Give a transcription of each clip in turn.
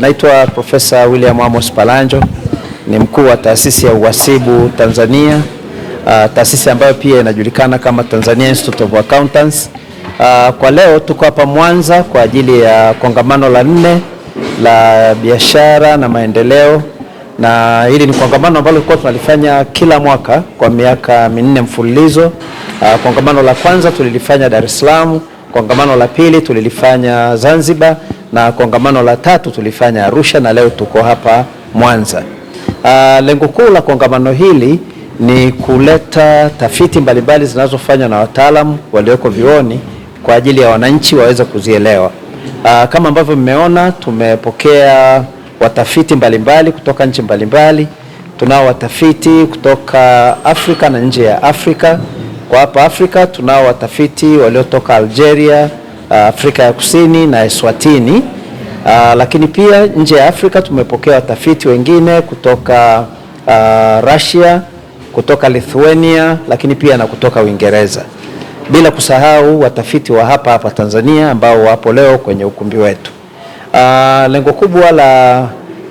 Naitwa Profesa William Amos Palanjo, ni mkuu wa taasisi ya uhasibu Tanzania, uh, taasisi ambayo pia inajulikana kama Tanzania Institute of Accountants. Uh, kwa leo tuko hapa Mwanza kwa ajili ya kongamano la nne la biashara na maendeleo, na hili ni kongamano ambalo tulikuwa tunalifanya kila mwaka kwa miaka minne mfululizo. Uh, kongamano la kwanza tulilifanya Dar es Salaam, kongamano la pili tulilifanya Zanzibar na kongamano la tatu tulifanya Arusha na leo tuko hapa Mwanza. Uh, lengo kuu la kongamano hili ni kuleta tafiti mbalimbali zinazofanywa na wataalamu walioko vioni kwa ajili ya wananchi waweze kuzielewa. Uh, kama ambavyo mmeona tumepokea watafiti mbalimbali kutoka nchi mbalimbali. Tunao watafiti kutoka Afrika na nje ya Afrika. Kwa hapa Afrika tunao watafiti waliotoka Algeria Uh, Afrika ya Kusini na Eswatini. Uh, lakini pia nje ya Afrika tumepokea watafiti wengine kutoka uh, Russia, kutoka Lithuania, lakini pia na kutoka Uingereza, bila kusahau watafiti wa hapa hapa Tanzania ambao wapo leo kwenye ukumbi wetu. Uh, lengo kubwa la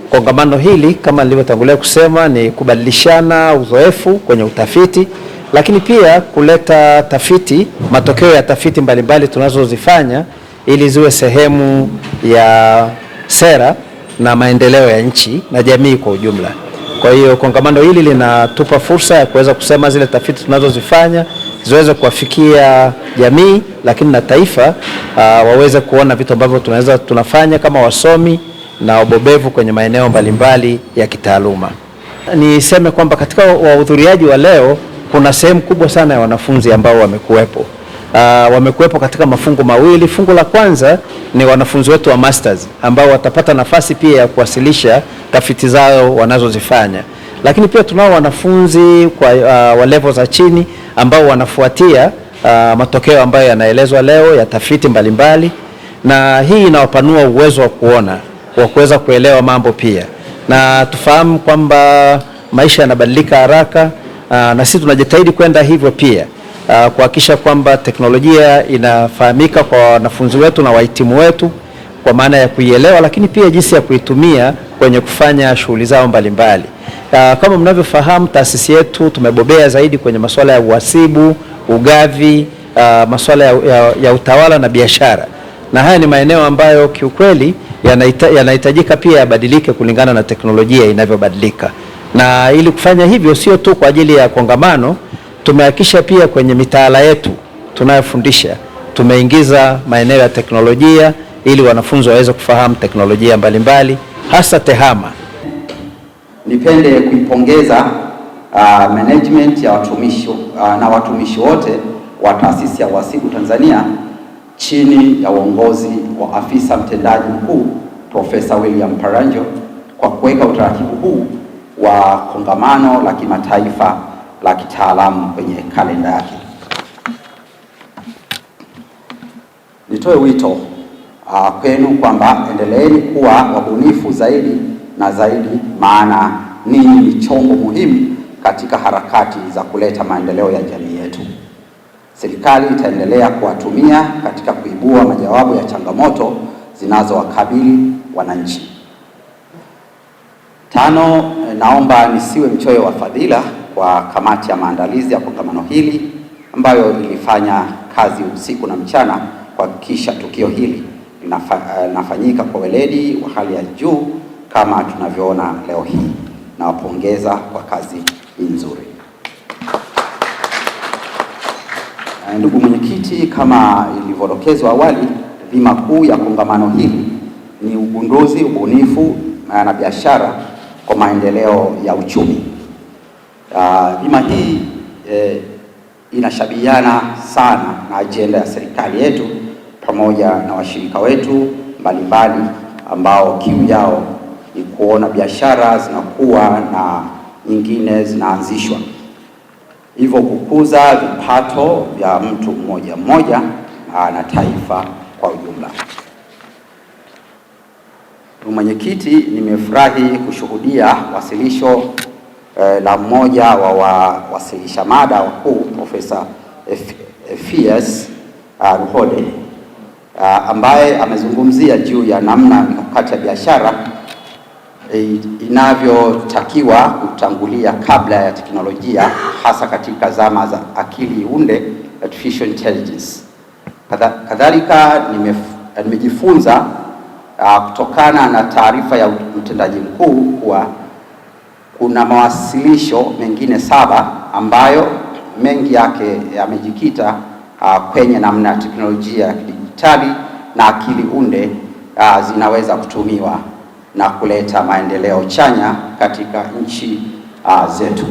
kongamano hili kama nilivyotangulia kusema ni kubadilishana uzoefu kwenye utafiti lakini pia kuleta tafiti, matokeo ya tafiti mbalimbali tunazozifanya ili ziwe sehemu ya sera na maendeleo ya nchi na jamii kwa ujumla. Kwa hiyo kongamano hili linatupa fursa ya kuweza kusema zile tafiti tunazozifanya ziweze kuwafikia jamii, lakini na taifa uh, waweze kuona vitu ambavyo tunaweza tunafanya kama wasomi na wabobevu kwenye maeneo mbalimbali ya kitaaluma. Niseme kwamba katika wahudhuriaji wa leo kuna sehemu kubwa sana ya wanafunzi ambao wamekuwepo uh, wamekuwepo katika mafungu mawili. Fungu la kwanza ni wanafunzi wetu wa masters ambao watapata nafasi pia ya kuwasilisha tafiti zao wanazozifanya, lakini pia tunao wanafunzi kwa uh, wa level za chini ambao wanafuatia uh, matokeo ambayo yanaelezwa leo ya tafiti mbalimbali mbali, na hii inawapanua uwezo wa kuona wa kuweza kuelewa mambo pia, na tufahamu kwamba maisha yanabadilika haraka Ah, na sisi tunajitahidi kwenda hivyo pia ah, kuhakikisha kwamba teknolojia inafahamika kwa wanafunzi wetu na wahitimu wetu kwa maana ya kuielewa, lakini pia jinsi ya kuitumia kwenye kufanya shughuli zao mbalimbali. Ah, kama mnavyofahamu, taasisi yetu tumebobea zaidi kwenye masuala ya uhasibu, ugavi, masuala ya, ya, ya utawala na biashara, na haya ni maeneo ambayo kiukweli yanahitajika pia yabadilike kulingana na teknolojia inavyobadilika na ili kufanya hivyo sio tu kwa ajili ya kongamano, tumehakisha pia kwenye mitaala yetu tunayofundisha tumeingiza maeneo ya teknolojia ili wanafunzi waweze kufahamu teknolojia mbalimbali mbali, hasa TEHAMA. Nipende kuipongeza uh, management ya watumishi uh, na watumishi wote wa Taasisi ya Uhasibu Tanzania chini ya uongozi wa afisa mtendaji mkuu Profesa William Paranjo kwa kuweka utaratibu huu wa kongamano la kimataifa la kitaalamu kwenye kalenda yake. Nitoe wito uh, kwenu kwamba endeleeni kuwa wabunifu zaidi na zaidi, maana ninyi ni chombo muhimu katika harakati za kuleta maendeleo ya jamii yetu. Serikali itaendelea kuwatumia katika kuibua majawabu ya changamoto zinazowakabili wananchi. Tano, eh, naomba nisiwe mchoyo wa fadhila kwa kamati ya maandalizi ya kongamano hili ambayo ilifanya kazi usiku na mchana kuhakikisha tukio hili eh, linafanyika kwa weledi wa hali ya juu kama tunavyoona leo hii. Nawapongeza kwa kazi nzuri. Eh, ndugu mwenyekiti, kama ilivyodokezwa awali, dhima kuu ya kongamano hili ni ugunduzi, ubunifu na biashara kwa maendeleo ya uchumi. Ah, bima uh, hii eh, inashabihiana sana na ajenda ya serikali yetu pamoja na washirika wetu mbalimbali ambao kiu yao ni kuona biashara zinakuwa na nyingine zinaanzishwa, hivyo kukuza vipato vya mtu mmoja mmoja ah, na taifa kwa ujumla. Ndugu mwenyekiti, nimefurahi kushuhudia wasilisho eh, la mmoja wa wawasilisha mada wakuu Profesa Phias e uh, ah, Ruhode uh, ambaye amezungumzia juu ya namna mikakati ya biashara eh, inavyotakiwa kutangulia kabla ya teknolojia hasa katika zama za akili unde artificial intelligence. Kadhalika nimejifunza uh, kutokana na taarifa ya mtendaji mkuu kuwa kuna mawasilisho mengine saba ambayo mengi yake yamejikita uh, kwenye namna ya teknolojia ya kidijitali na akili unde uh, zinaweza kutumiwa na kuleta maendeleo chanya katika nchi uh, zetu.